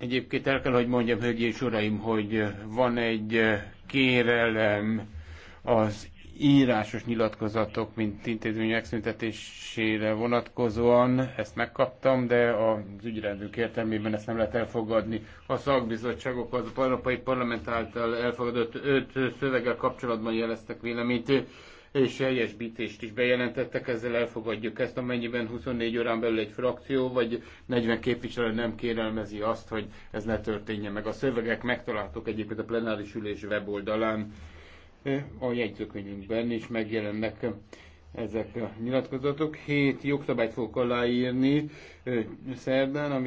Egyébként el kell, hogy mondjam, hölgyi és uraim, hogy van egy kérelem az írásos nyilatkozatok, mint intézmény megszüntetésére vonatkozóan. Ezt megkaptam, de az ügyrendünk értelmében ezt nem lehet elfogadni. A szakbizottságok az Európai Parlament által elfogadott öt szöveggel kapcsolatban jeleztek véleményt és helyesbítést is bejelentettek, ezzel elfogadjuk ezt, amennyiben 24 órán belül egy frakció vagy 40 képviselő nem kérelmezi azt, hogy ez ne történjen meg. A szövegek megtalálhatók egyébként a plenáris ülés weboldalán, a jegyzőkönyvünkben is megjelennek ezek a nyilatkozatok. Hét jogszabályt fogok aláírni szerdán, ami